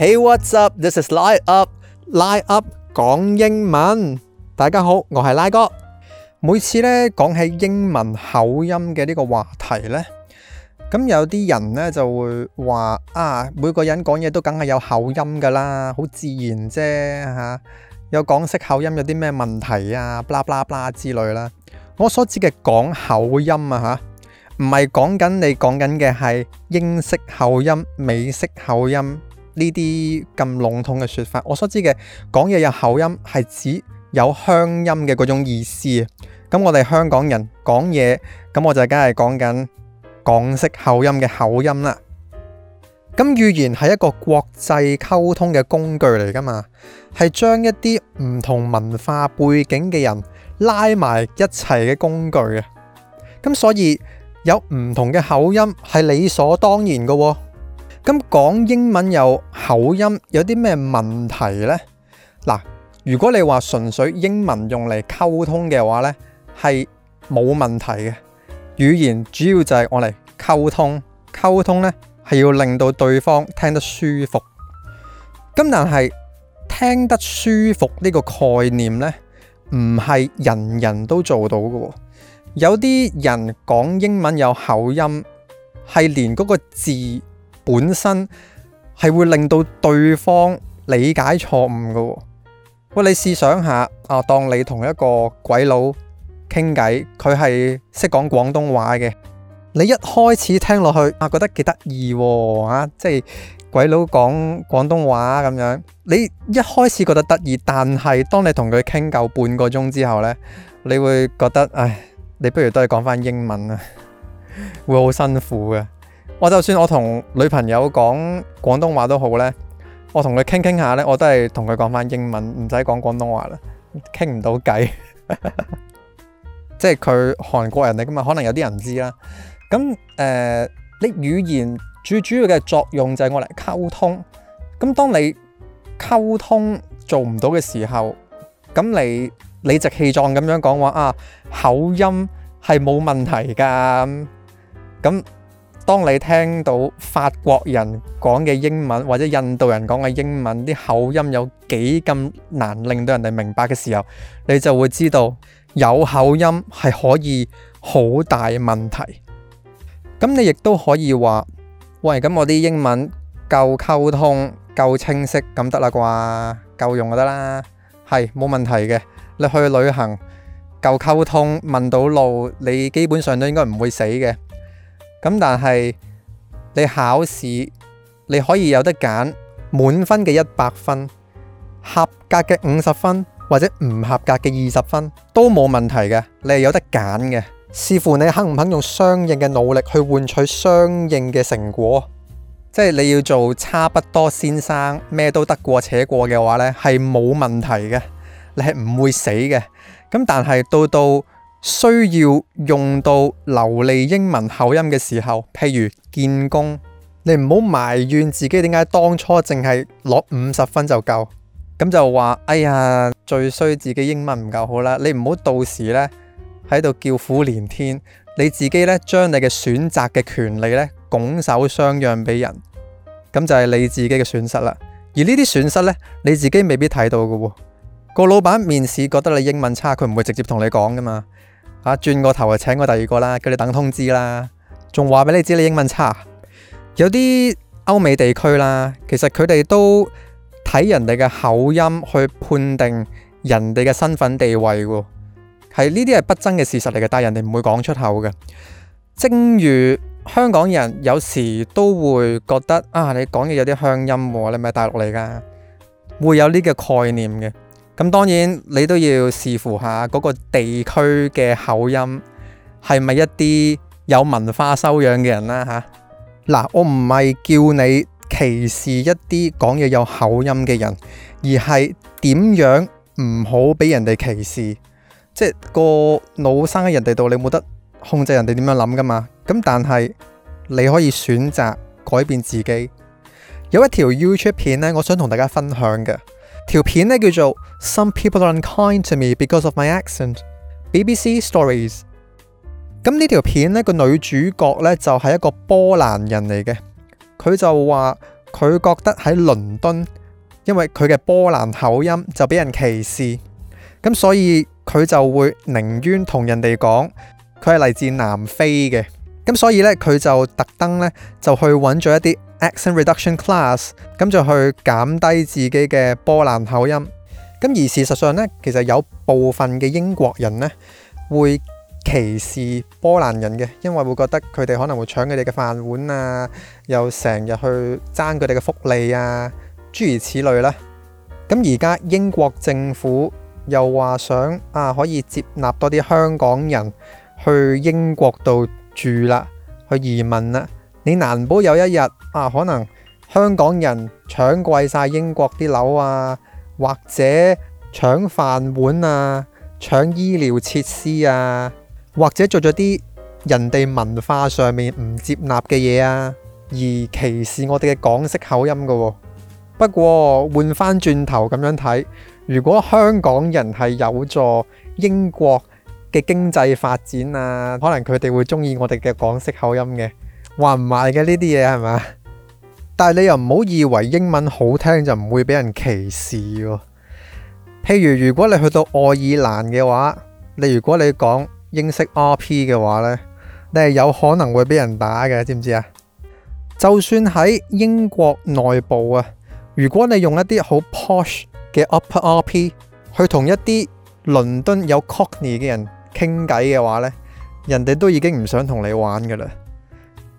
Hey，what's up？This is Lai UP，Lai UP 講英文。大家好，我係拉哥。每次咧講起英文口音嘅呢個話題呢，咁有啲人呢就會話啊，每個人講嘢都梗係有口音噶啦，好自然啫吓。有港式口音有啲咩問題啊？blah blah blah 之類啦。我所指嘅講口音啊，吓唔係講緊你講緊嘅係英式口音、美式口音。呢啲咁籠統嘅說法，我所知嘅講嘢有口音係指有鄉音嘅嗰種意思啊。咁我哋香港人講嘢，咁我就梗係講緊港式口音嘅口音啦。咁語言係一個國際溝通嘅工具嚟㗎嘛，係將一啲唔同文化背景嘅人拉埋一齊嘅工具啊。咁所以有唔同嘅口音係理所當然㗎喎。咁講英文有口音，有啲咩問題呢？嗱，如果你話純粹英文用嚟溝通嘅話呢，係冇問題嘅。語言主要就係我嚟溝通，溝通呢係要令到對方聽得舒服。咁但係聽得舒服呢個概念呢，唔係人人都做到嘅。有啲人講英文有口音，係連嗰個字。本身係會令到對方理解錯誤嘅喎。喂，你試想下啊，當你同一個鬼佬傾偈，佢係識講廣東話嘅，你一開始聽落去啊，覺得幾得意喎，即係鬼佬講廣東話咁樣，你一開始覺得得意，但係當你同佢傾夠半個鐘之後呢，你會覺得唉、哎，你不如都係講翻英文啦，會好辛苦嘅。我就算我同女朋友講廣東話都好呢，我同佢傾傾下呢，我都係同佢講翻英文，唔使講廣東話啦，傾唔到計。即係佢韓國人嚟噶嘛，可能有啲人唔知啦。咁誒，你、呃、語言最主要嘅作用就係我嚟溝通。咁當你溝通做唔到嘅時候，咁你理直氣壯咁樣講話啊，口音係冇問題㗎。咁當你聽到法國人講嘅英文，或者印度人講嘅英文，啲口音有幾咁難令到人哋明白嘅時候，你就會知道有口音係可以好大問題。咁你亦都可以話：喂，咁我啲英文夠溝通、夠清晰，咁得啦啩，夠用就得啦。係，冇問題嘅。你去旅行，夠溝通，問到路，你基本上都應該唔會死嘅。咁但係你考試，你可以有得揀，滿分嘅一百分，合格嘅五十分，或者唔合格嘅二十分，都冇問題嘅。你係有得揀嘅，視乎你肯唔肯用相應嘅努力去換取相應嘅成果。即係你要做差不多先生，咩都得過且過嘅話呢，係冇問題嘅，你係唔會死嘅。咁但係到到需要用到流利英文口音嘅時候，譬如見工，你唔好埋怨自己點解當初淨係攞五十分就夠，咁就話哎呀最衰自己英文唔夠好啦，你唔好到時呢喺度叫苦連天，你自己呢將你嘅選擇嘅權利呢拱手相讓俾人，咁就係你自己嘅損失啦。而呢啲損失呢，你自己未必睇到嘅喎。個老闆面試覺得你英文差，佢唔會直接同你講噶嘛。啊，轉個頭就請個第二個啦，叫你等通知啦。仲話俾你知你英文差。有啲歐美地區啦，其實佢哋都睇人哋嘅口音去判定人哋嘅身份地位，係呢啲係不爭嘅事實嚟嘅，但係人哋唔會講出口嘅。正如香港人有時都會覺得啊，你講嘢有啲鄉音，你咪係大陸嚟噶，會有呢個概念嘅。咁當然你都要視乎下嗰個地區嘅口音係咪一啲有文化修養嘅人啦，嗱，我唔係叫你歧視一啲講嘢有口音嘅人，而係點樣唔好俾人哋歧視，即係個腦生喺人哋度，你冇得控制人哋點樣諗噶嘛。咁但係你可以選擇改變自己。有一條 YouTube 片呢，我想同大家分享嘅。條片咧叫做 Some people are unkind to me because of my accent, BBC Stories。咁、嗯、呢條片咧，個女主角咧就係、是、一個波蘭人嚟嘅，佢就話佢覺得喺倫敦，因為佢嘅波蘭口音就俾人歧視，咁、嗯、所以佢就會寧願同人哋講佢係嚟自南非嘅。咁所以咧，佢就特登咧就去揾咗一啲 accent reduction class，咁就去減低自己嘅波蘭口音。咁而事實上咧，其實有部分嘅英國人咧會歧視波蘭人嘅，因為會覺得佢哋可能會搶佢哋嘅飯碗啊，又成日去爭佢哋嘅福利啊，諸如此類啦。咁而家英國政府又話想啊，可以接納多啲香港人去英國度住啦，去移民啦，你難保有一日啊，可能香港人搶貴晒英國啲樓啊，或者搶飯碗啊，搶醫療設施啊，或者做咗啲人哋文化上面唔接納嘅嘢啊，而歧視我哋嘅港式口音嘅喎、啊。不過換翻轉頭咁樣睇，如果香港人係有助英國嘅經濟發展啊，可能佢哋會中意我哋嘅港式口音嘅，話唔埋嘅呢啲嘢係咪？但係你又唔好以為英文好聽就唔會俾人歧視喎。譬如如果你去到愛爾蘭嘅話，你如果你講英式 RP 嘅話呢，你係有可能會俾人打嘅，知唔知啊？就算喺英國內部啊，如果你用一啲好 posh 嘅 Upper RP 去同一啲倫敦有 Cockney 嘅人。傾偈嘅話呢，人哋都已經唔想同你玩噶啦。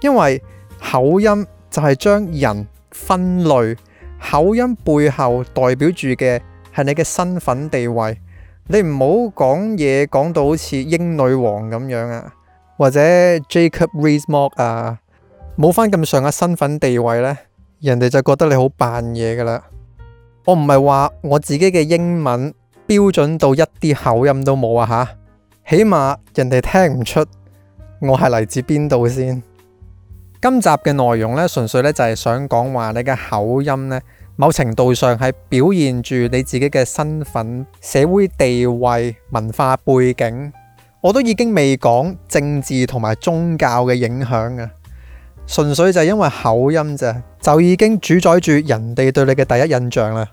因為口音就係將人分類，口音背後代表住嘅係你嘅身份地位。你唔好講嘢講到好似英女王咁樣啊，或者 Jacob Rees-Mogg 啊，冇翻咁上嘅身份地位呢，人哋就覺得你好扮嘢噶啦。我唔係話我自己嘅英文標準到一啲口音都冇啊，吓。起碼人哋聽唔出我係嚟自邊度先。今集嘅內容呢，純粹呢，就係想講話你嘅口音呢，某程度上係表現住你自己嘅身份、社會地位、文化背景。我都已經未講政治同埋宗教嘅影響啊，純粹就係因為口音咋就已經主宰住人哋對你嘅第一印象啦。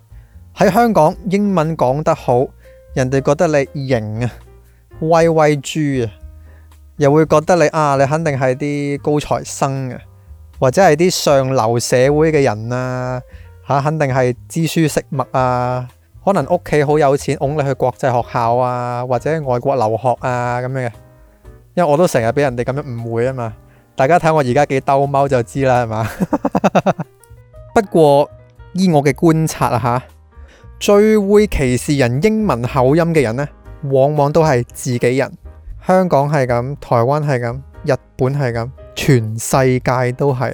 喺香港，英文講得好，人哋覺得你型啊。喂喂豬啊，又會覺得你啊，你肯定係啲高材生啊，或者係啲上流社會嘅人啊，吓、啊、肯定係知書識墨啊，可能屋企好有錢，㧬你去國際學校啊，或者外國留學啊咁樣嘅。因為我都成日俾人哋咁樣誤會啊嘛，大家睇我而家幾兜踎就知啦，係嘛。 不過依我嘅觀察啊吓，最會歧視人英文口音嘅人呢。往往都係自己人，香港係咁，台灣係咁，日本係咁，全世界都係。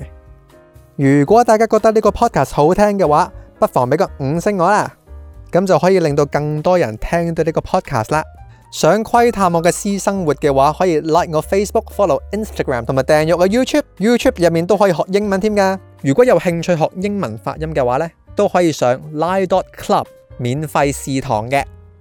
如果大家覺得呢個 podcast 好聽嘅話，不妨俾個五星我啦，咁就可以令到更多人聽到呢個 podcast 啦。想窺探我嘅私生活嘅話，可以 like 我 Facebook、follow Instagram 同埋訂閱我 YouTube。YouTube 入面都可以學英文添㗎。如果有興趣學英文發音嘅話呢，都可以上 Lai Dot Club 免費試堂嘅。